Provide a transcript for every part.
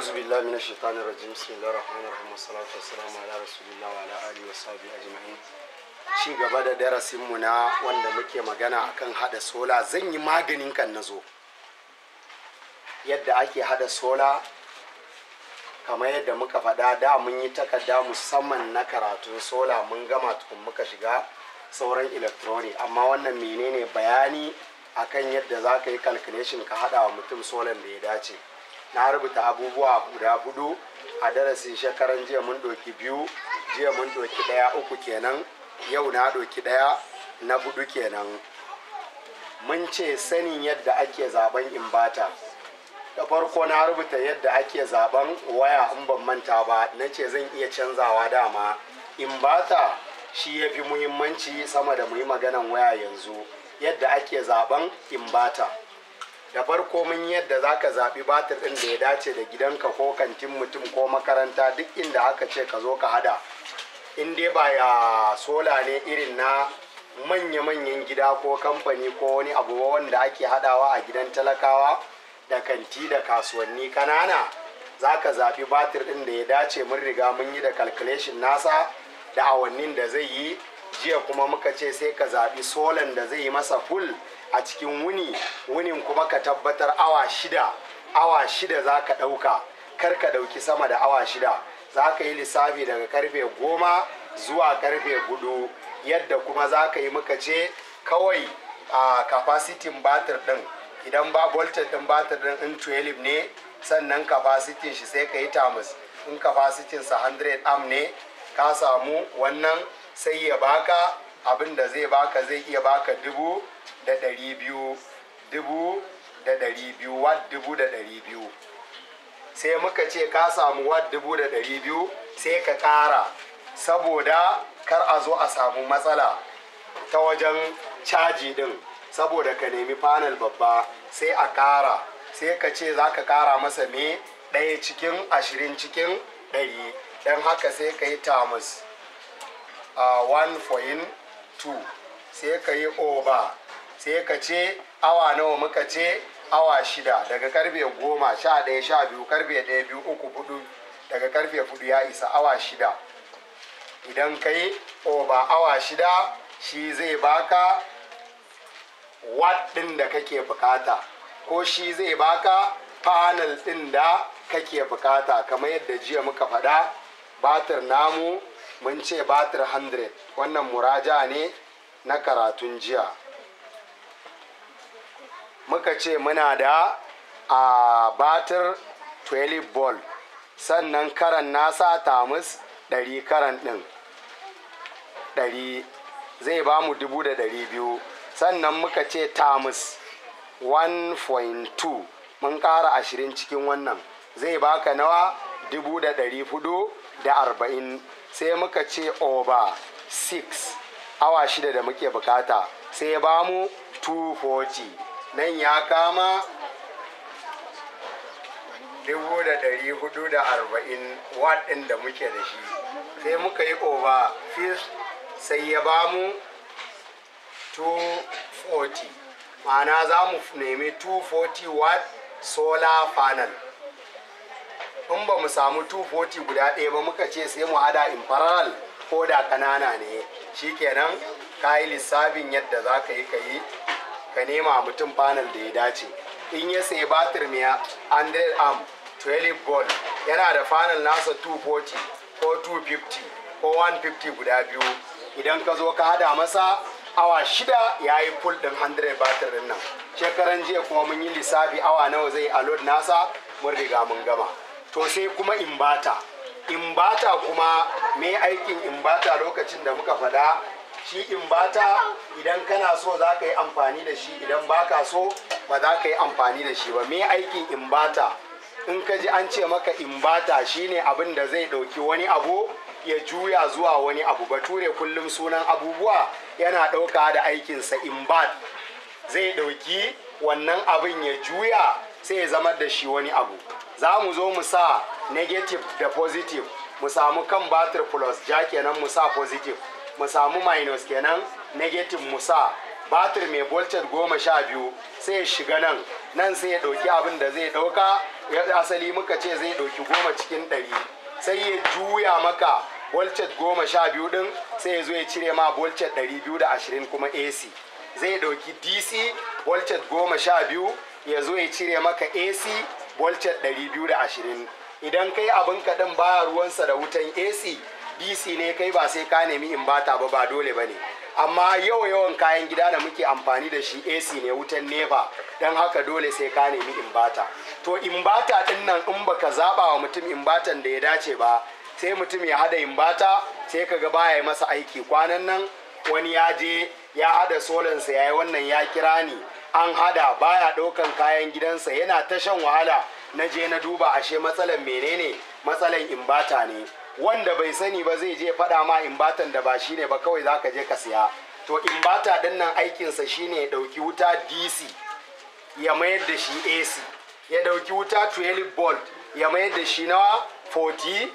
أعوذ بالله من الشيطان الرجيم بسم الله الرحمن الرحيم والصلاة والسلام على رسول الله وعلى آله وصحبه أجمعين ci gaba da darasinmu na wanda muke magana akan hada sola zan yi maganin kan nazo yadda ake hada sola kamar yadda muka faɗa da mun yi takarda musamman na karatun sola mun gama tukun muka shiga sauran electronic amma wannan menene bayani akan yadda za ka yi calculation ka hada wa mutum solan da ya dace na rubuta abubuwa guda hudu a darasin shekaran jiya mun doki biyu jiya mun ɗoki ɗaya uku kenan yau na ɗoki ɗaya na hudu kenan mun ce sanin yadda ake zaben imbata da farko na rubuta yadda ake zaben waya in ban manta ba na ce zan iya canzawa dama imbata shi ya fi muhimmanci sama da muyi maganan waya yanzu yadda ake zaben imbata da farko mun yadda za ka zaɓi batir ɗin da ya dace da gidanka ko kantin mutum ko makaranta duk inda aka ce ka zo ka hada in dai ba ya sola ne irin na manya-manyan gida ko kamfani ko wani abu wanda ake hadawa a gidan talakawa da kanti da kasuwanni kanana za ka zaɓi batir ɗin da ya dace mun riga mun yi da calculation nasa da awannin da zai yi jiya kuma muka ce sai ka zaɓi solan da zai yi masa full a cikin wuni wunin kuma ka tabbatar awa shida awa shida za ka ɗauka kar ka ɗauki sama da awa shida za ka yi lissafi daga karfe goma zuwa karfe hudu yadda kuma za ka yi muka ce kawai a kafasitin batir ɗin idan ba voltage ɗin batir ɗin in 12 ne sannan kafasitin shi sai ka yi tamus in kafasitin sa 100 am ne ka samu wannan sai ya baka abin da zai baka zai iya baka dubu da ɗari biyu dubu da ɗari biyu wat dubu da ɗari biyu sai muka ce ka samu wat dubu da ɗari biyu sai ka ƙara saboda kar a zo a samu matsala ta wajen caji ɗin saboda ka nemi panel babba sai a ƙara sai ka ce za ka ƙara masa me ɗaya cikin ashirin cikin ɗari don haka sai ka yi tamus uh, ah, one for in 2 sai ka yi oba sai ka ce awa nawa muka ce awa shida daga karfe goma sha ɗaya sha biyu karfe ɗaya biyu uku hudu daga karfe hudu ya isa awa shida idan ka yi oba awa shida shi zai baka wat ɗin da kake bukata ko shi zai baka panel ɗin da kake bukata kamar yadda jiya muka faɗa batir namu mun ce batir 100 wannan muraja ne na karatun jiya muka ce muna da a batir 12 ball sannan karan nasa tamus 100 karan din 100 zai ba mu 200 sannan muka ce tamus 1.2 mun ƙara ashirin cikin wannan zai baka nawa da arba'in. sai muka ce over 6 awa shida da muke bukata sai ba mu 240 nan ya kama 440 watt ɗin da muke da shi sai muka yi over 5 sai ya ba mu 240 ma'ana za mu nemi 240 watt solar panel in ba mu samu 240 guda ɗaya ba muka ce sai mu hada in ko da kanana ne shikenan ka yi lissafin yadda za ka yi ka yi ka nema mutum panel da ya dace in ya sayi batir miya 100 am 12 ball yana da panel nasa 240 ko 250 ko 150 guda biyu idan ka zo ka hada masa awa shida ya yi full ɗin 100 batir nan shekaran jiya kuma mun yi lissafi awa nawa zai a load nasa mun riga mun gama to sai kuma imbata imbata kuma me aikin imbata lokacin da muka faɗa shi imbata idan kana so za ka yi amfani da shi idan baka so ba za ka yi amfani da shi ba me aikin imbata in ka ji an ce maka imbata shine abin da zai ɗauki wani abu ya juya zuwa wani abu ba ture kullum sunan abubuwa yana ɗauka da aikinsa imbat zai ɗauki wannan abin ya juya sai ya zama da shi wani abu za mu zo mu sa negative da positive mu samu kan batir plus ja kenan mu sa positive mu samu minus kenan negative mu sa batir mai voltage goma sha biyu sai ya shiga nan nan sai ya ɗauki abin da zai ɗauka asali muka ce zai ɗauki goma cikin ɗari sai ya juya maka voltage goma sha biyu ɗin sai ya zo ya cire ma voltage ɗari biyu da ashirin kuma ac zai ɗauki dc voltage goma sha biyu ya zo ya cire maka ac voltage 220 idan kai abin kaɗin baya ruwansa da wutan ac dc ne kai ba sai ka nemi inverter ba ba dole ba ne amma yau yawan kayan gida da muke amfani da shi ac ne wutan nefa don haka dole sai ka nemi inverter to inverter din nan in baka zaba wa mutum inverter da ya dace ba sai mutum ya hada inverter sai kaga baya masa aiki kwanan nan wani ya je ya hada solansa ya yi wannan ya kira ni an hada baya ɗaukan kayan gidansa yana ta shan wahala na je na duba ashe matsalan menene matsalan imbata ne wanda bai sani ba zai je faɗa ma imbatan da ba shine ba kawai zaka je ka siya to imbata ɗinnan nan aikinsa shine ya ɗauki wuta dc ya mayar da shi ac ya ɗauki wuta 12 volt ya mayar da shi nawa 40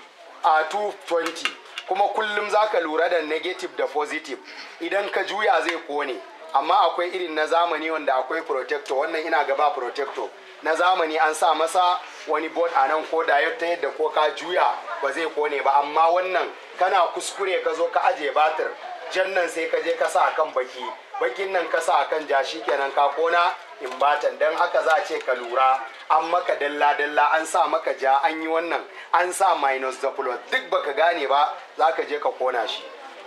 a 220 kuma kullum zaka lura da negative da positive idan ka juya zai kone amma akwai irin na zamani wanda akwai protector wannan ina gaba protector na zamani an sa masa wani board a nan ko da ta yadda ko ka juya ba zai kone ba amma wannan kana kuskure ka zo ka ajiye batir jan nan sai ka je ka sa kan baki bakin nan ka sa kan ja kenan ka kona in batan dan haka za a ce ka lura an maka dalla dalla an sa maka ja an yi wannan an sa minus the plus duk baka gane ba za ka je ka kona shi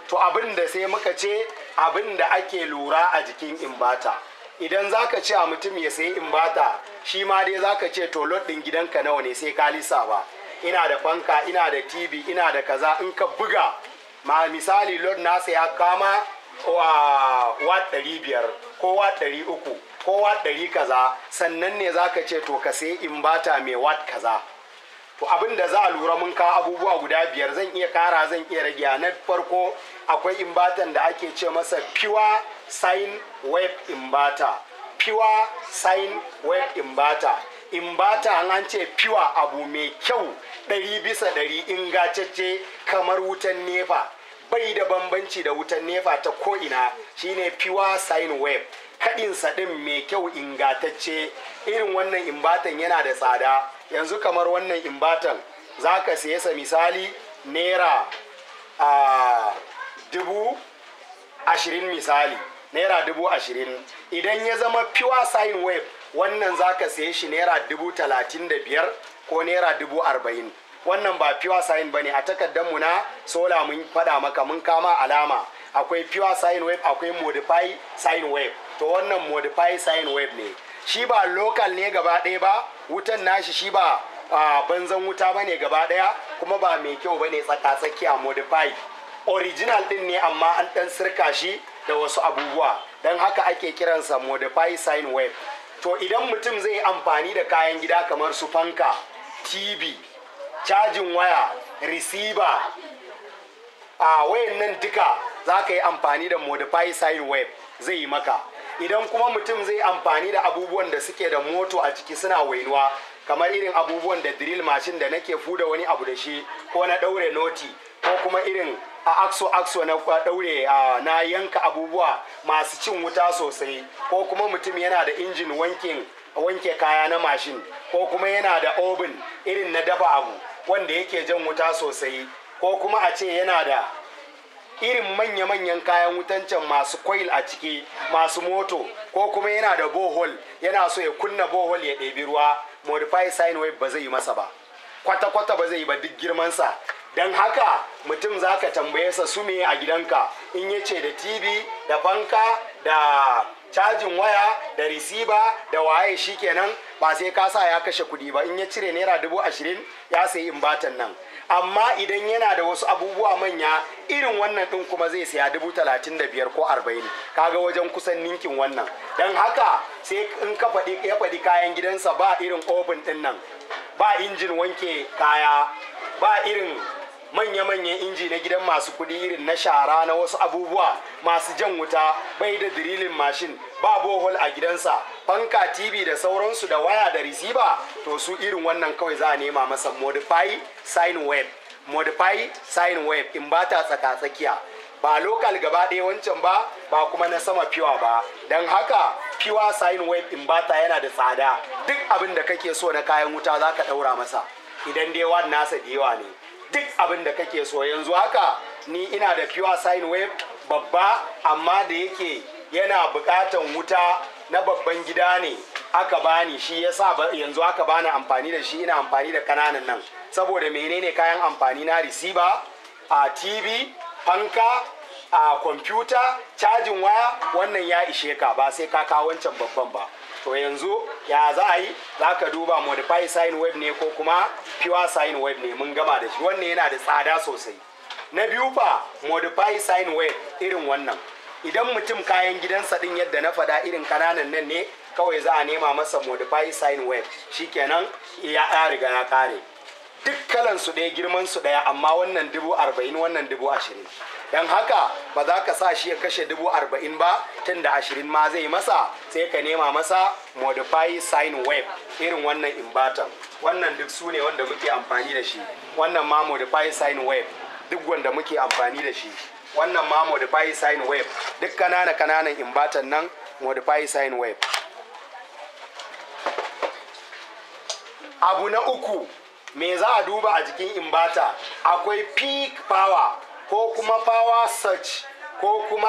to abin da sai muka ce abin da ake lura a jikin imbata idan zaka ce a mutum ya sayi imbata shi ma dai zaka ce to lot din gidanka nawa ne sai ka ba ina da fanka ina da tv ina da kaza in ka buga ma misali lord na ya kama wa wat biyar ko wat uku ko wat kaza sannan ne zaka ce to ka sayi imbata mai wat kaza to abin da za a lura mun ka abubuwa guda biyar zan iya kara zan iya rage na farko akwai imbatan da ake ce masa pure sine wave inverter pure sine wave inverter inverter an an ce pure abu mai kyau ɗari bisa ɗari ingacacce kamar wutan nefa bai da bambanci da wutan nefa ta ko'ina shine pure sine wave kaɗinsa ɗin mai kyau ingatacce irin wannan imbatan yana da tsada yanzu kamar wannan imbatan za ka siye sa misali naira a ah, dubu ashirin misali naira dubu ashirin idan ya zama pure sine wave wannan za ka siye shi naira dubu talatin da biyar ko naira dubu arba'in wannan ba pure sine ba ne a takardarmu na sola mun faɗa maka mun kama alama akwai pure sine wave akwai modify sine wave to wannan modify sine wave ne shi ba lokal ne gaba ɗaya ba wutan nashi shi ba banzan wuta ba ne gaba ɗaya kuma ba mai kyau ba ne tsakatsakiya modify original ɗin ne amma an ɗan sirka shi da wasu abubuwa don haka ake kiransa modify sign wave to idan mutum zai yi amfani da kayan gida kamar su fanka tv cajin waya receiver a wayan nan duka za ka yi amfani da modify sign wave zai yi maka idan kuma mutum zai amfani da abubuwan da suke da moto a ciki suna wainuwa kamar irin abubuwan da drill mashin da nake fuda wani abu da shi ko na ɗaure noti ko kuma irin a akso akso na ɗaure na yanka abubuwa masu cin wuta sosai ko kuma mutum yana da injin wankin wanke kaya na mashin ko kuma yana da obin irin na dafa abu wanda yake jan wuta sosai ko kuma a ce yana da irin manya-manyan kayan wutan can masu coil a ciki masu moto ko kuma yana da bohol yana so ya kunna bohol ya ɗebi ruwa modify sine wave ba zai yi masa ba kwata-kwata ba zai yi ba duk girmansa don haka mutum za ka tambaye sa su me a gidanka in ya ce da tv da fanka da cajin waya da risiba da waye shi kenan ba sai ka sa ya kashe kuɗi ba in ya cire naira dubu ashirin ya sayi imbatan nan amma idan yana da wasu abubuwa manya irin wannan din kuma zai saya dubu talatin da biyar ko arba'in kaga wajen kusan ninkin wannan don haka sai in ka faɗi ya faɗi kayan gidansa ba irin oven din nan ba injin wanke kaya ba irin manya-manyan inji na gidan masu kuɗi irin na shara na wasu abubuwa masu jan wuta bai da dirilin mashin ba bohol a gidansa fanka tv da sauransu da waya da risiba to su irin wannan kawai za a nema masa modify sign web modify sign web in ba ta tsaka-tsakiya ba local gaba ɗaya wancan ba ba kuma na sama fiwa ba don haka fiwa sign web in ba ta yana da tsada duk abin da kake so na kayan wuta za ka ɗaura masa idan dai nasa da yawa ne duk abin da kake so yanzu haka ni ina da pure sine wave babba amma da yake yana bukatan wuta na babban gida ne aka bani shi yasa yanzu aka bani amfani da shi ina amfani da kananan nan saboda menene kayan amfani na receiver a tv fanka a kwamfuta cajin waya wannan ya ishe ka ba sai ka kawo wancan babban ba to yanzu ya za a yi za ka duba modify sign wave ne ko kuma pure sign wave ne mun gama da shi wannan yana da tsada sosai na biyu fa modify sign wave irin wannan idan mutum kayan gidansa din yadda na faɗa irin kananan nan ne kawai za a nema masa modify sign shi shikenan ya riga ya kare duk kalansu ɗaya girman su ɗaya amma wannan dubu arba'in wannan dubu ashirin don haka ba za ka sa shi ya kashe dubu arba'in ba tun da ashirin ma zai masa sai ka nema masa modify sign Web irin wannan inbatan wannan duk su ne wanda muke amfani da shi wannan ma modify sign Web duk wanda muke amfani da shi wannan ma modify sign Web duk kanana kananan inbatan nan modify sign Web. abu na uku me za a duba a jikin imbata akwai peak power ko kuma power search ko kuma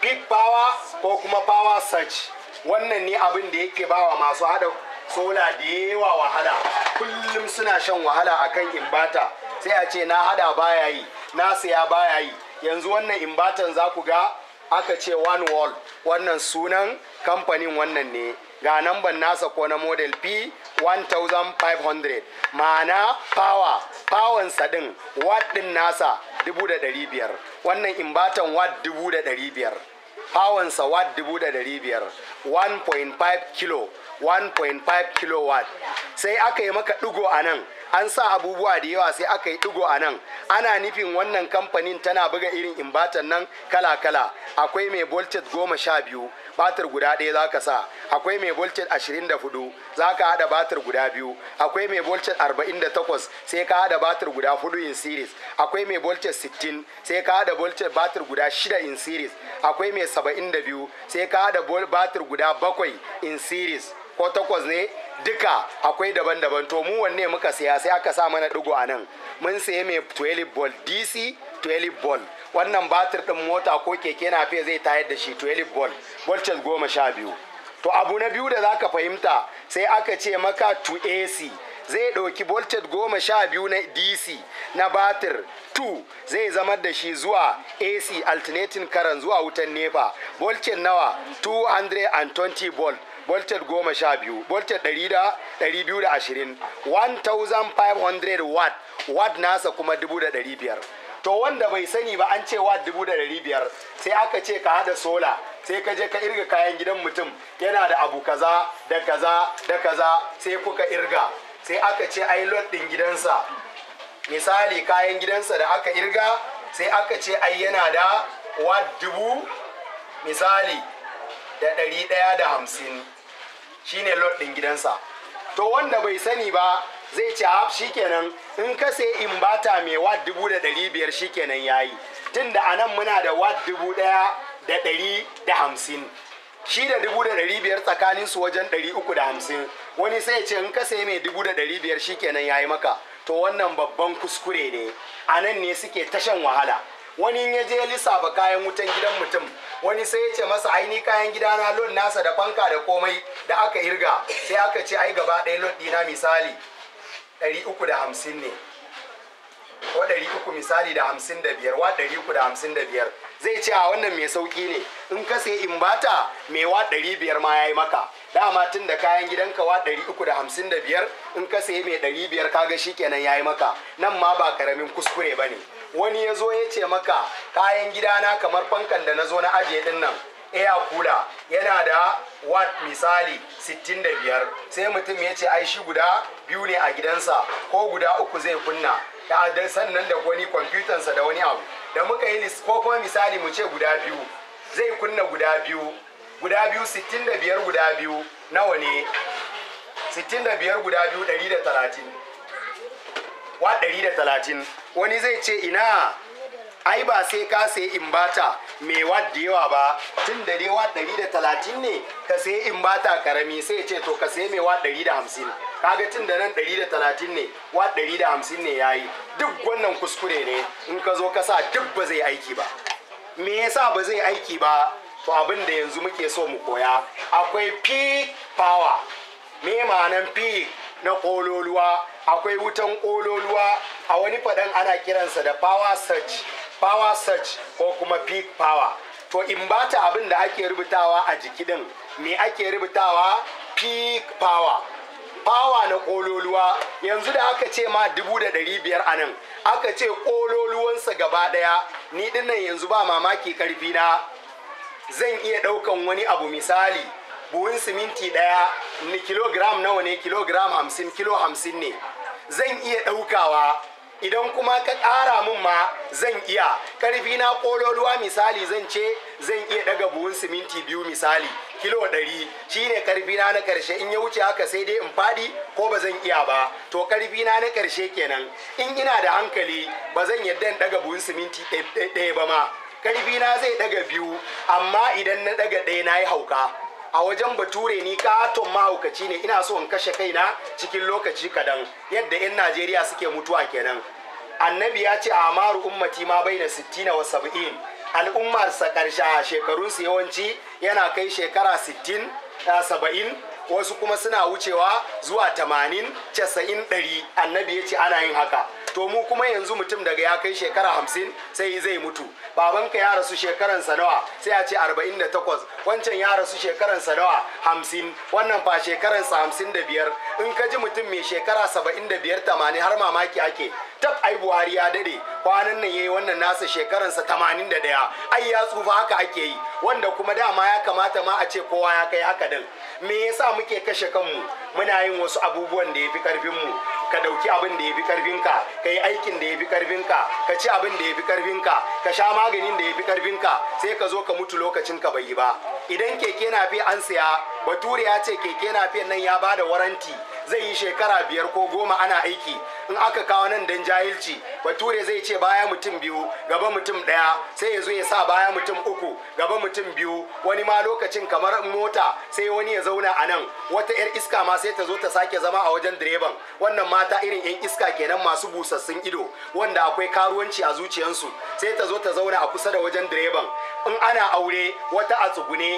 peak power ko kuma power search wannan ne abin da yake bawa masu hada sola da yawa wahala kullum suna shan wahala akan imbata sai a ce na hada baya yi na saya baya yi yanzu wannan imbatan za ku ga aka ce one wall wannan sunan kamfanin wannan ne ga namban nasa ko na model p 1500 ma'ana pawa pawan sadin watt din nasa 1500 wannan imbatan watt 1500 powansa watt 1500 1.5 kilo 1.5 kilowatt sai aka yi maka ɗigo a nan an sa abubuwa da yawa sai aka yi digo a nan ana nufin wannan kamfanin tana buga irin imbatan nan kala-kala akwai mai voltage goma sha biyu batir guda ɗaya za ka sa akwai mai voltage 24 za ka hada batir guda biyu akwai mai voltage 48 sai ka hada batir guda 4 in series akwai mai voltage 60 sai ka hada voltage batir guda 6 in series akwai mai 72 sai ka hada batir guda 7 in series ko takwas ne duka akwai daban-daban to mu wanne muka siya sai aka sa mana digo a nan mun siya mai 12 volt dc 12 ball wannan batir din mota ko keke na fe zai tayar da shi 12 ball voltage goma sha biyu to abu na biyu da za ka fahimta sai aka ce maka to ac zai ɗauki voltage goma sha biyu na dc na batir 2 zai zama da shi zuwa ac alternating current zuwa wutan nepa voltage nawa 220 volt voltage goma sha biyu voltage ɗari da ɗari biyu da ashirin 1500 watt watt nasa kuma dubu da ɗari biyar to wanda bai sani ba an ce wa dubu da ɗari biyar sai aka ce ka hada sola sai ka je ka irga kayan gidan mutum yana da abu kaza da kaza da kaza sai kuka irga sai aka ce ai lot ɗin gidansa misali kayan gidansa da aka irga sai aka ce ai yana da wa dubu misali da ɗari ɗaya da hamsin shine lot ɗin gidansa to wanda bai sani ba zai ce a shikenan in ka sai sayi ta mai wat dubu da ɗari biyar shikenan ya yi tun da a nan muna da wat dubu ɗaya da ɗari da hamsin shi da dubu da ɗari biyar tsakanin su wajen ɗari uku da hamsin wani sai ce in ka sai mai dubu da ɗari biyar shikenan ya yi maka to wannan babban kuskure ne a nan ne suke tashan wahala wani ya je lissafa kayan wutan gidan mutum wani sai ya ce masa aini kayan gida na lod nasa da fanka da komai da aka irga sai aka ce ai gaba ɗaya lod ɗina misali 350 ne ko 300 misali da 55 wa 355 zai ce a wannan mai sauki ne in ka sai in bata mai wa 500 ma yayi maka dama tun da kayan gidanka wa 355 in ka sai mai 500 kaga shikenan yayi maka nan ma ba karamin kuskure bane wani ya zo ya ce maka kayan gidana kamar fankan da na zo na ajiye din nan air cooler yana da watt misali 65 sai mutum ya ce ai shi guda biyu ne a gidansa ko guda uku zai kunna da sannan da wani kwamfutansa da wani abu da muka yi ko kuma misali mu ce guda biyu zai kunna guda biyu guda biyu 65 guda biyu nawa ne 65 guda biyu 130 wa 130 wani zai ce ina ai ba sai ka sayi imbata mai wat da yawa ba tun da dai da 130 ne ka sayi imbata karami sai ce to ka sayi mai wat 150 kaga tun da nan 130 ne da hamsin ne yayi duk wannan kuskure ne in ka zo ka sa duk ba zai aiki ba me yasa ba zai aiki ba to abin da yanzu muke so mu koya akwai peak power me ma'anan peak na kololuwa akwai wutan kololuwa a wani faɗan ana kiransa da power search power search ko kuma peak power to in ba ta abin da ake rubutawa a jiki din me ake rubutawa peak power power na kololuwa yanzu da aka ce ma dubu da ɗari biyar a nan aka ce kololuwansa gaba ɗaya ni nan yanzu ba mamaki karfi na zan iya ɗaukan wani abu misali buhun siminti ɗaya ni kilogram nawa ne kilogram hamsin kilo hamsin ne zan iya ɗaukawa idan kuma ka ƙara min ma zan iya ƙarfi na ƙololuwa misali zan ce zan iya ɗaga buhun siminti biyu misali kilo ɗari shine ƙarfi na na ƙarshe in ya wuce haka sai dai in faɗi ko ba zan iya ba to ƙarfi na na ƙarshe kenan in ina da hankali ba zan yadda in daga buhun siminti ɗaya ba ma ƙarfi na zai ɗaga biyu amma idan na ɗaga ɗaya na yi hauka a wajen bature ni katon mahaukaci ne ina so in kashe kaina cikin lokaci kadan yadda 'yan najeriya suke mutuwa kenan annabi ya ce a maru ummati ma bai da sittina wa saba'in al'ummarsa karshe shekarunsu yawanci yana kai shekara sittin saba'in wasu kuma suna wucewa zuwa tamanin casa'in ɗari annabi ya ce ana yin haka to mu kuma yanzu mutum daga ya kai shekara hamsin sai zai mutu babanka ya rasu shekaran nawa sai a ce 48 wancan ya rasu shekaran nawa 50 wannan fa shekaran sa 55 in ka ji mutum mai shekara 75 80 har mamaki ake tab ai buhari ya dade kwanan nan yayi wannan nasa shekaran sa 81 ai ya tsufa haka ake yi wanda kuma dama ya kamata ma a ce kowa ya kai haka din me yasa muke kashe kanmu muna yin wasu abubuwan da yafi karfin mu ka ɗauki abin da ya fi karfinka ka yi aikin da ya fi karfinka ka ci abin da ya fi karfin ka sha maganin da ya fi ƙarfinka sai ka zo ka mutu lokacin ka bai yi ba idan keke na fi an siya bature ya ce keke na fiyan nan ya bada waranti zai yi shekara biyar ko goma ana aiki in aka kawo nan dan jahilci bature zai ce baya mutum biyu gaba mutum ɗaya sai ya zo ya sa baya mutum uku gaba mutum biyu wani ma lokacin kamar mota sai wani ya zauna a nan wata 'yar iska ma sai ta zo ta sake zama a wajen direban wannan mata irin 'yan iska kenan masu busassun ido wanda akwai karuwanci a zuciyarsu sai ta zo ta zauna a kusa da wajen direban in ana aure wata a tsugune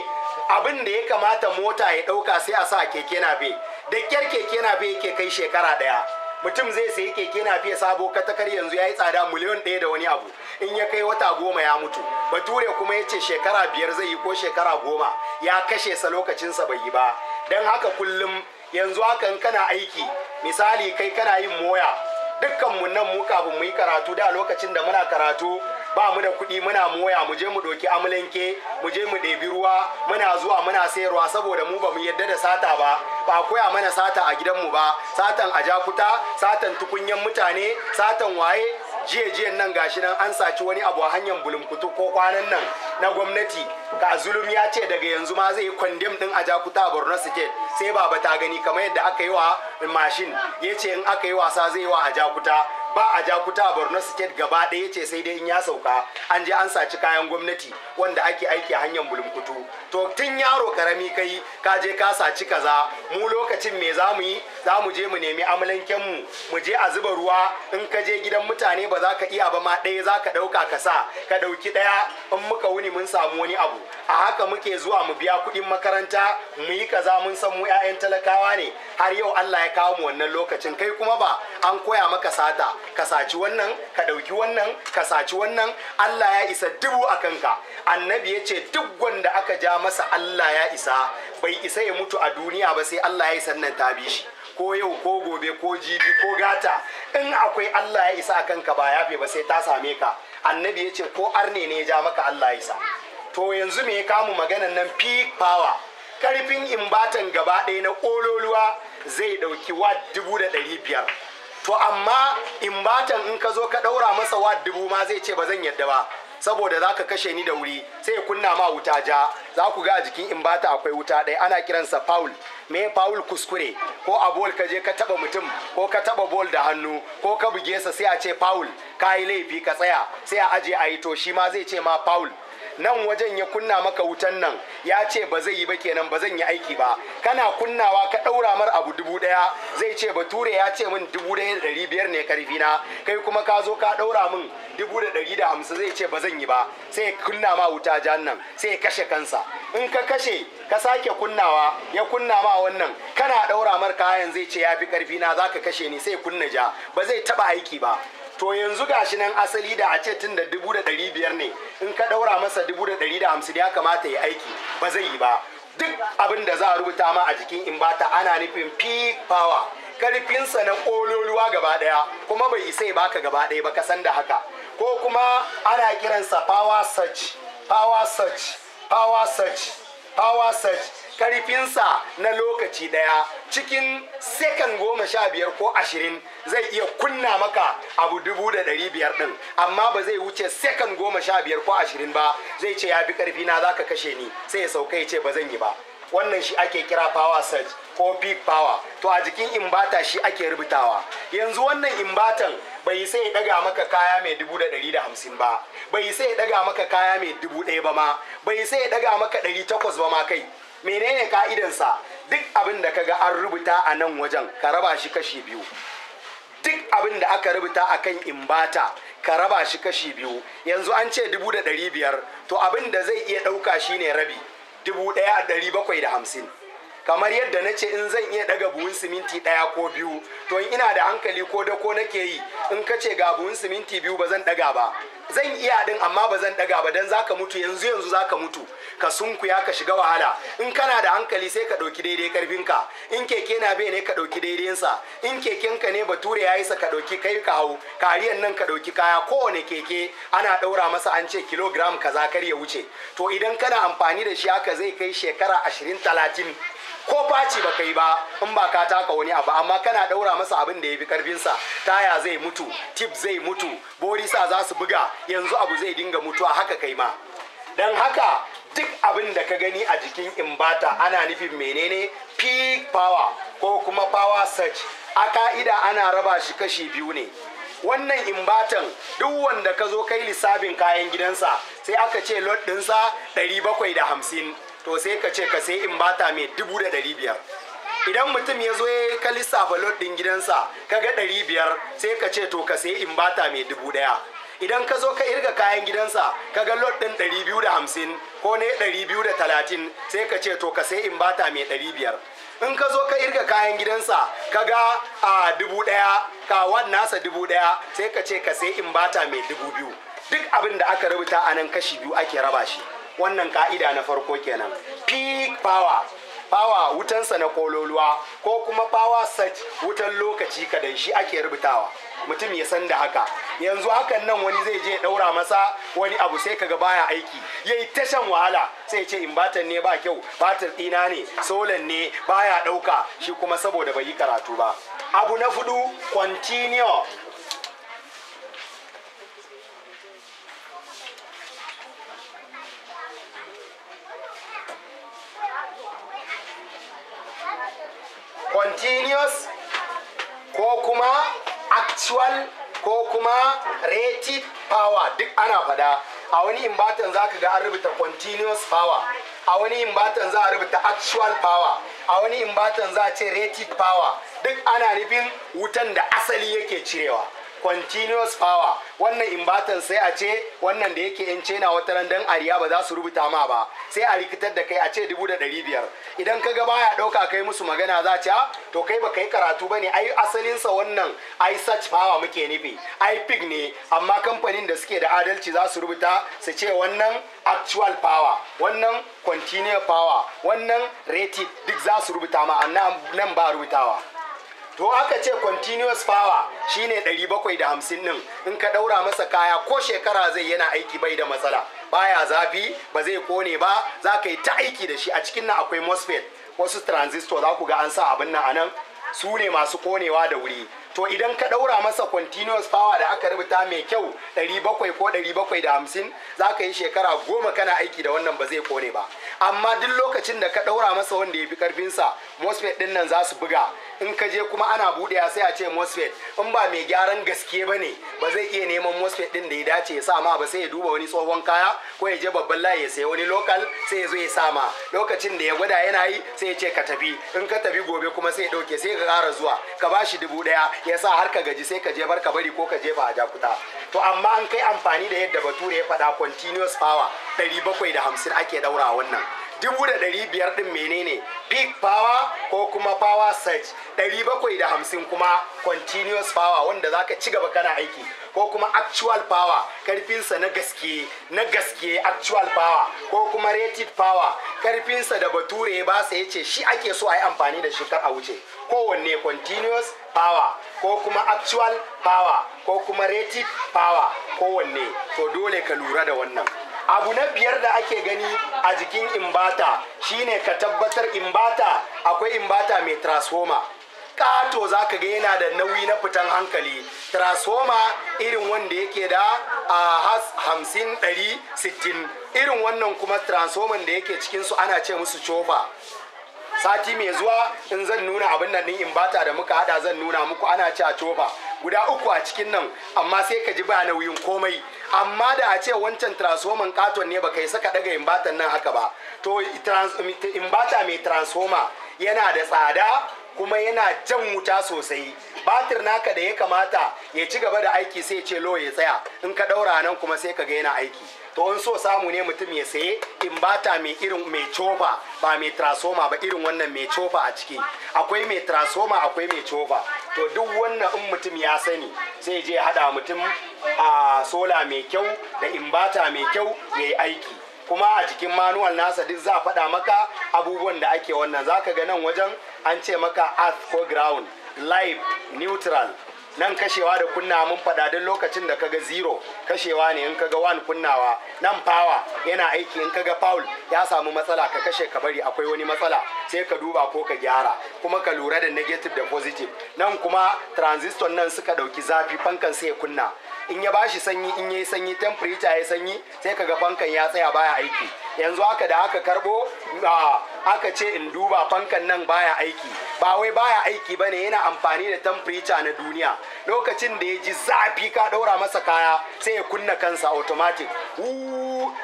abin da ya kamata mota ya ɗauka sai a sa keke nafe da kyar keke na nafe yake kai shekara ɗaya mutum zai sayi keke na nafe sabo katakar yanzu ya yi tsada miliyan ɗaya da wani abu in ya kai wata goma ya mutu bature kuma ya ce shekara biyar zai yi ko shekara goma ya kashe sa lokacinsa bai yi ba don haka kullum yanzu hakan kana aiki misali kai kana yin moya dukkanmu nan mu kafin mu yi karatu da lokacin da muna karatu ba mu da kuɗi muna moya mu je mu ɗauki amulanke mu je mu ɗebi ruwa muna zuwa muna sayarwa saboda mu ba mu yadda da sata ba ba koya mana sata a gidanmu ba satan a jakuta satan tukunyan mutane satan waye jiye jiyan nan gashi nan an saci wani abu a hanyar bulunkutu ko kwanan nan na gwamnati ka zulum ya ce daga yanzu ma zai yi kwandem din a jakuta borno state sai ba ta gani kamar yadda aka yi wa mashin ya ce in aka yi wasa zai yi wa a jakuta ba a kuta a borno state gaba ɗaya ce sai dai in ya sauka an je an saci kayan gwamnati wanda ake aiki a hanyar bulunkutu to tun yaro karami kai ka je ka saci kaza mu lokacin me za mu yi za mu je mu nemi amalanken mu mu je a zuba ruwa in ka je gidan mutane ba za ka iya ba ma ɗaya za ka ɗauka ka sa ka ɗauki ɗaya in muka wuni mun samu wani abu a haka muke zuwa mu biya kuɗin makaranta mu yi kaza mun san mu 'ya'yan talakawa ne har yau Allah ya kawo mu wannan lokacin kai kuma ba an koya maka sata ka saci wannan ka ɗauki wannan ka saci wannan Allah ya isa dubu a kanka annabi ya ce duk wanda aka ja masa Allah ya isa bai isa ya mutu a duniya ba sai Allah ya isa nan ta bi shi ko yau ko gobe ko jibi ko gata in akwai Allah ya isa a kanka ba yafe ba sai ta same ka annabi ya ce ko arne ne ya ja maka Allah ya isa to yanzu me ya kamu maganan nan peak power karfin imbatan gaba ɗaya na ololuwa zai ɗauki wa dubu da ɗari biyar to amma in batan in ka zo ka ɗaura masa wa dubu ma zai ce ba zan yadda ba saboda za ka kashe ni da wuri sai ya kunna ma wuta ja za ku ga a jikin in bata akwai wuta ɗaya ana kiransa paul me paul kuskure ko a bol ka je ka taba mutum ko ka taba bol da hannu ko ka buge sa sai a ce paul ka yi laifi ka tsaya sai a ajiye a yi to shi ma zai ce ma paul nan wajen ya kunna maka wutan nan ya ce ba zai yi ba kenan ba zan yi aiki ba kana kunnawa ka ɗaura mar abu dubu ɗaya zai ce bature ya ce min dubu da ɗari biyar ne karfi na kai kuma ka zo ka ɗaura min dubu da ɗari da hamsin zai ce ba zan yi ba sai kunna ma wuta jan nan sai kashe kansa in ka kashe ka sake kunnawa ya kunna ma wannan kana ɗaura mar kayan zai ce ya fi karfi na za ka kashe ni sai kunna ja ba zai taɓa aiki ba to yanzu gashi nan asali da a ce tun da dubu da ɗari biyar ne in ka ɗaura masa dubu da ɗari da hamsin ya kamata ya aiki ba zai yi ba duk abin da za a rubuta ma a jikin in bata ana nufin peak power karfinsa na ƙololuwa gaba ɗaya kuma bai isa ya baka gaba ɗaya ba ka san da haka ko kuma ana kiransa power search power search power search power search karfinsa na lokaci daya cikin sekan goma sha biyar ko ashirin zai iya kunna maka abu dubu da ɗari biyar ɗin amma ba zai wuce sekan goma sha biyar ko ashirin ba zai ce ya fi karfi na zaka kashe ni sai ya sauka ya ce ba zan yi ba wannan shi ake kira power surge ko peak power to a jikin imbata shi ake rubutawa yanzu wannan imbatan bai sai ya daga maka kaya mai dubu da ɗari da hamsin ba bai sai ya daga maka kaya mai dubu ɗaya ba ma bai sai ya daga maka ɗari takwas ba ma kai menene ka'idansa duk abin da kaga an rubuta a nan wajen ka raba shi kashi biyu duk abin da aka rubuta a kan imbata ka raba shi kashi biyu yanzu an ce dubu da ɗari biyar to abin da zai iya ɗauka shine rabi dubu ɗaya a ɗari bakwai da hamsin kamar yadda na ce in zan iya daga buhun siminti ɗaya ko biyu to ina da hankali ko da ko nake yi in ka ce ga buhun siminti biyu ba zan daga ba zan iya din amma ba zan daga ba dan zaka mutu yanzu yanzu zaka mutu ka ya ka shiga wahala in kana da hankali sai ka ɗauki daidai karfin ka. in keke na bai ne ka ɗauki sa in keken ka ne bature ya yi sa ka ɗauki kai ka hau kariyan nan ka ɗauki kaya kowane keke ana ɗaura masa an ce kilogram kaza kar ya wuce to idan kana amfani da shi haka zai kai shekara ashirin talatin ko faci ba yi ba in ba ka taka wani abu amma kana daura masa abin da ya fi karfinsa taya zai mutu tip zai mutu borisa za su buga yanzu abu zai dinga mutuwa haka kai ma don haka duk abin da ka gani a jikin imbata ana nufin menene peak power ko kuma power search a ka'ida ana raba shi kashi biyu ne wannan imbatan duk wanda ka zo kai lissafin kayan gidansa sai aka ce lot ɗinsa 750 to sai ka ce ka sai in bata mai dubu da ɗari biyar idan mutum ya zo ya ka lissafa lot ɗin gidansa ka ga ɗari biyar sai ka ce to ka sai in bata mai dubu ɗaya idan ka zo ka irga kayan gidansa ka ga lot ɗin ɗari biyu da hamsin ko ne ɗari biyu da talatin sai ka ce to ka sai in bata mai ɗari biyar in ka zo ka irga kayan gidansa ka ga a dubu ɗaya kawan nasa dubu ɗaya sai ka ce ka sai in bata mai dubu biyu duk abin da aka rubuta a nan kashi biyu ake raba shi wannan ka'ida na farko kenan peak power fawa wutansa na kololuwa ko kuma fawa search wutan lokaci kadan shi ake rubutawa mutum ya san da haka yanzu hakan nan wani zai je daura masa wani abu sai kaga baya aiki yayi tashan wahala sai ce in batan ne ba kyau batar dina ne solan ne baya dauka shi kuma saboda bai yi karatu ba abu na fudu continue ko kuma actual ko kuma rated power duk ana fada a wani imbatan za ka ga an rubuta continuous power a wani imbatan za a rubuta actual power a wani imbatan za a ce rated power duk ana nufin wutan da asali yake cirewa continuous power wannan imbatan sai a ce wannan da yake in ce na wata ran dan ariya ba za su rubuta ma ba sai a rikitar da kai a ce dubu da ɗari biyar idan ka ga baya ɗauka kai musu magana za ce to kai ba kai karatu ba ne ai asalinsa wannan ai search power muke nufi ai pig ne amma kamfanin da suke da adalci za su rubuta su ce wannan actual power wannan continuous power wannan rated duk za su rubuta ma nan ba rubutawa to aka ce continuous power shine 750 din in ka daura masa kaya ko shekara zai yana aiki bai da matsala baya zafi ba zai kone ba za ka yi ta aiki da shi a cikin nan akwai mosfet wasu transistor za ku ga an sa abin nan anan su ne masu konewa da wuri to idan ka daura masa continuous power da aka rubuta mai kyau 700 ko 750 za ka yi shekara goma kana aiki da wannan ba zai kone ba amma duk lokacin da ka daura masa wanda ya fi karfinsa mosfet din nan za su buga in ka je kuma ana a sai a ce mosfet in ba mai gyaran gaske ba ne ba zai iya neman mosfet din da ya dace ya sa ma ba sai ya duba wani tsohon kaya ko ya je babban layi ya sayi wani lokal sai ya zo ya sa ma lokacin da ya gwada yana yi sai ya ce ka tafi in ka tafi gobe kuma sai ya ɗauke sai ka kara zuwa ka ba shi dubu ɗaya ya sa har ka gaji sai ka je barka bari ko ka jefa a jakuta to amma an kai amfani da yadda bature ya faɗa continuous power hamsin ake ɗaura wannan dubu da ɗari biyar ɗin menene big power ko kuma power search ɗari bakwai da hamsin kuma continuous power wanda za ka ci gaba kana aiki ko kuma actual power karfinsa na gaske na gaske actual power ko kuma rated power karfinsa da bature ba sa yace shi ake so a yi amfani da shi kar a wuce kowanne continuous power ko kuma actual power ko kuma rated power kowanne to dole ka lura da wannan abu na biyar da ake gani a jikin imbata shine ka tabbatar imbata akwai imbata mai transformer kato za ka ga yana da nauyi na fitan hankali transformer irin wanda yake da a has hamsin ɗari sittin irin wannan kuma transformer da yake cikinsu ana ce musu cofa sati mai zuwa in zan nuna abin nan din imbata da muka hada zan nuna muku ana ci a cofa guda uku a cikin nan amma sai ka ji ba nauyin komai amma da a ce wancan transformer katon ne baka yi saka daga imbatan nan haka ba to um, imbata mai transformer yana da tsada kuma yana jan wuta sosai batir naka da ya kamata ya ci gaba da aiki sai ce lo ya tsaya in ka daura nan kuma sai ka ga yana aiki to in so samu ne mutum ya saye imbata mai irin mai cofa ba mai transoma ba irin wannan mai cofa a ciki akwai mai transoma akwai mai cofa to duk wannan in mutum ya sani sai je hada mutum a sola mai kyau da imbata mai kyau ya yi aiki kuma a jikin manuwal nasa duk za faɗa maka abubuwan da ake wannan zaka ga nan wajen an ce maka earth ko ground live neutral nan kashewa da kunna mun faɗa duk lokacin da kaga zero kashewa ne in kaga one kunnawa nan power yana aiki in kaga foul ya samu matsala ka kashe ka bari akwai wani matsala sai ka duba ko ka gyara kuma ka lura da negative da positive nan kuma transistor nan suka ɗauki zafi fankan sai kunna in ya bashi sanyi in yayi sanyi temperature ya sanyi sai kaga fankan ya tsaya baya aiki yanzu haka da aka karbo ah, aka ce in duba fankan nan baya aiki ba wai baya aiki bane yana amfani da temperature na duniya lokacin da ya ji zafi ka ɗaura masa kaya sai ya kunna kansa automatic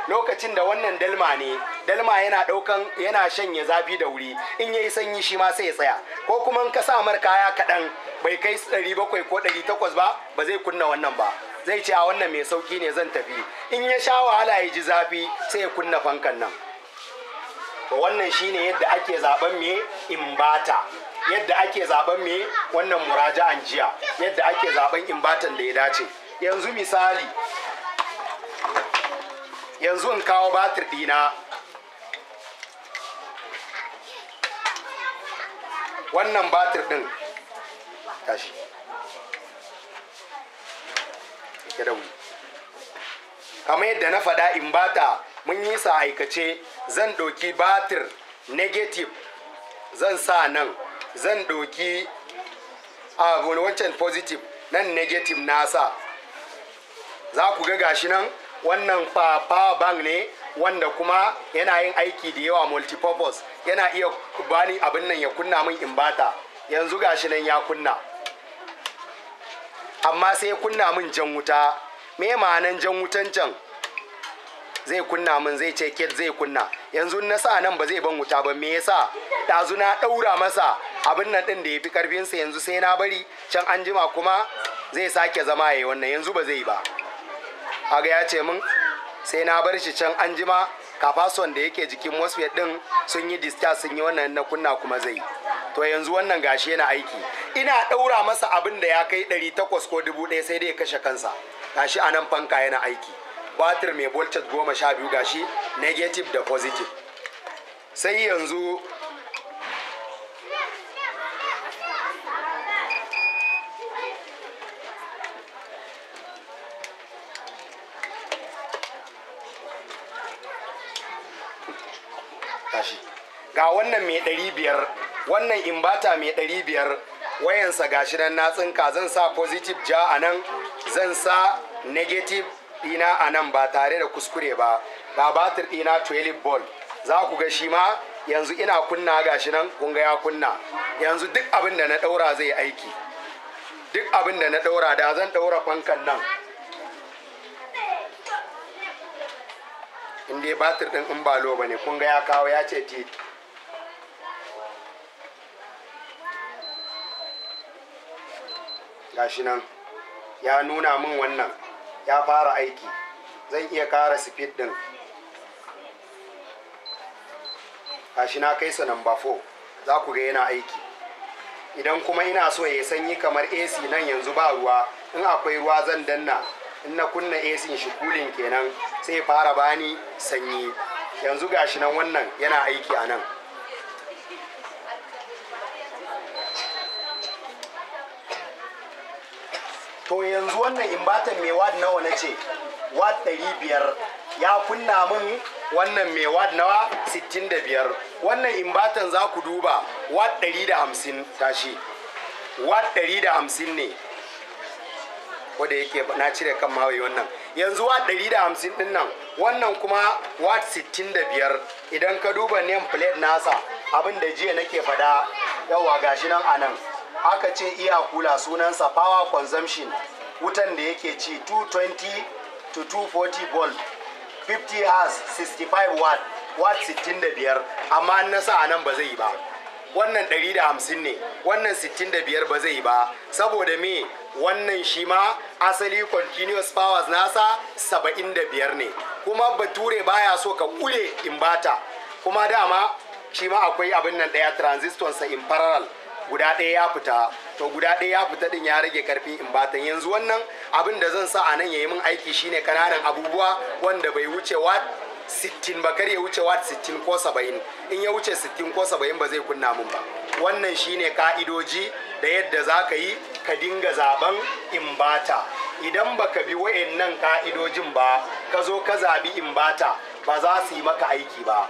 lokacin da wannan dalma ne dalma yana ɗaukan yana shanye zafi da wuri in yayi sanyi shi ma sai ya tsaya ko kuma ka sa mar kaya kaɗan bai kai 700 ko 800 ba ba zai kunna wannan ba zai ce a wannan mai sauki ne zan tafi in ya sha wahala ya ji zafi sai ya kunna fankan nan to wannan shine yadda ake zaben me imbata yadda ake zaben me wannan an jiya yadda ake zaben imbatan da ya dace yanzu misali yanzu in kawo batir dina wannan batir din tashi kamar yadda na faɗa in bata mun yi sa aikace zan doki batir negative zan sa nan zan doki a wancan positive nan negative nasa za ku ga gashi nan wannan power bank ne wanda kuma yana yin aiki da yawa multipurpose yana iya bani abin nan ya kunna min in bata yanzu gashi nan ya kunna amma sai kunna min jan wuta me ma'anan jan wutan can zai kunna min zai ce ket zai kunna yanzu na sa nan ba zai ban wuta ba me yasa ɗazu na ɗaura masa abin nan ɗin da ya fi ƙarfinsa yanzu sai na bari can an jima kuma zai sake zama ya yi wannan yanzu ba zai ba aga ya ce min sai na bar shi can an jima kafason da yake jikin mosfet din sun yi discharge sun yi wannan na kunna kuma zai to yanzu wannan gashi yana aiki ina ɗaura masa abin da ya kai 800 ko 1000 sai dai ya kashe kansa gashi anan fanka yana aiki batir mai voltage goma sha biyu gashi negative da positive sai yanzu ga wannan mai ɗari biyar wannan imbata mai ɗari biyar wayansa gashi nan na tsinka zan sa positive ja a nan zan sa negative ɗina a nan ba tare da kuskure ba ga batir ɗina toilet bowl za ku ga shi ma yanzu ina kunna gashi nan kun ga ya kunna yanzu duk abin da na ɗaura zai aiki duk abin da na ɗaura da zan ɗaura fankan nan inda batir ɗin in ba loba ne kun ga ya kawo ya ce ti gashi nan ya nuna min wannan ya fara aiki zan iya kara speed din kashi na kai su number 4 za ku ga yana aiki idan kuma ina so ya sanyi kamar ac nan yanzu ba ruwa in akwai ruwa zan danna in na kunna ac shi kulin kenan sai fara bani sanyi yanzu gashi nan wannan yana aiki a nan to yanzu wannan imbatan mai wad nawa na ce wad ɗari biyar ya kunna min wannan mai wad nawa sittin da biyar wannan imbatan za ku duba wad ɗari da hamsin tashi wad ɗari da hamsin ne wadda yake na cire kan mawai wannan yanzu wat 150 din nan wannan kuma wat 65 idan ka duba name plate nasa abin da jiya nake fada yawa gashi nan anan aka ce iya kula sunansa power consumption wutan da yake ci 220 to 240 volt 50 has 65 watt watt 65 amma an nasa a nan ba zai yi ba wannan 150 ne wannan 65 ba zai yi ba saboda me wannan shi ma asali continuous powers nasa 75 ne kuma bature baya so ka kule inverter kuma dama shi ma akwai abin nan daya transistor sa in parallel guda ɗaya ya fita to guda ɗaya ya fita din ya rage karfi in batan yanzu wannan abin da zan sa a nan ya yi min aiki shine kananan abubuwa wanda bai wuce wat 60 ba kar ya wuce wat 60 ko 70 in ya wuce sittin ko 70 ba zai kunna min ba wannan shine ka'idoji da yadda za ka yi ka dinga zaben imbata idan baka bi wa'in nan ka'idojin ba ka zo ka zabi imbata ba za su yi maka aiki ba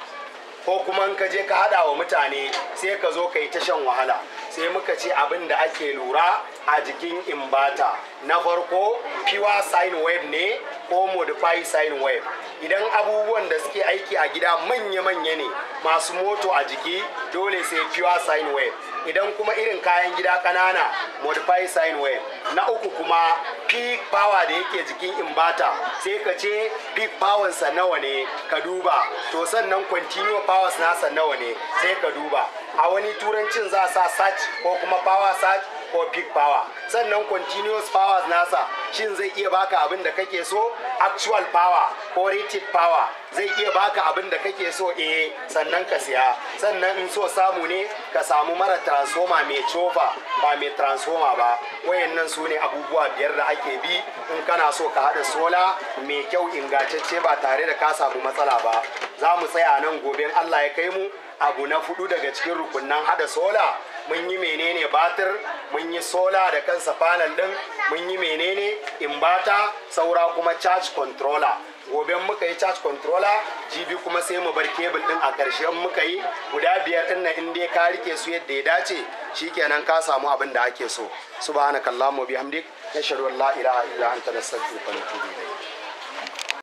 ko kuma in ka je ka hada wa mutane sai ka zo ka yi ta shan wahala sai muka ce abin da ake lura a jikin imbata na farko pure sine wave ne ko modified sine wave idan abubuwan da suke aiki a gida manya-manya ne masu moto a jiki dole sai pure sine wave idan kuma irin kayan gida kanana modified sine wave na uku kuma peak power da yake jikin imbata sai ka ce peak power sa nawa ne ka duba to sannan continuous power nasa nawa ne sai ka duba a wani turancin za sa search ko kuma power search ko peak power sannan continuous powers nasa shin zai iya baka abin da kake so actual power ko rated power zai iya baka abin da kake so eh sannan ka siya sannan in so samu ne ka samu mara transformer mai chofa ba mai transformer ba wayannan su ne abubuwa biyar da ake bi in kana so ka hada sola mai kyau ingantacce ba tare da ka samu matsala ba za mu tsaya nan gobe Allah ya kai mu abu na hudu daga cikin rukunan hada sola mun yi menene batir mun yi sola da kansa panel din mun yi menene imbata saura kuma charge controller gobe muka yi charge controller jibi kuma sai mu bar kebul din a karshen muka yi guda biyar din na inda ka rike su yadda ya dace shikenan ka samu abin da ake so subhanakallahumma bihamdik nashhadu an la ilaha illa anta nastaghfiruka wa atubu ilayk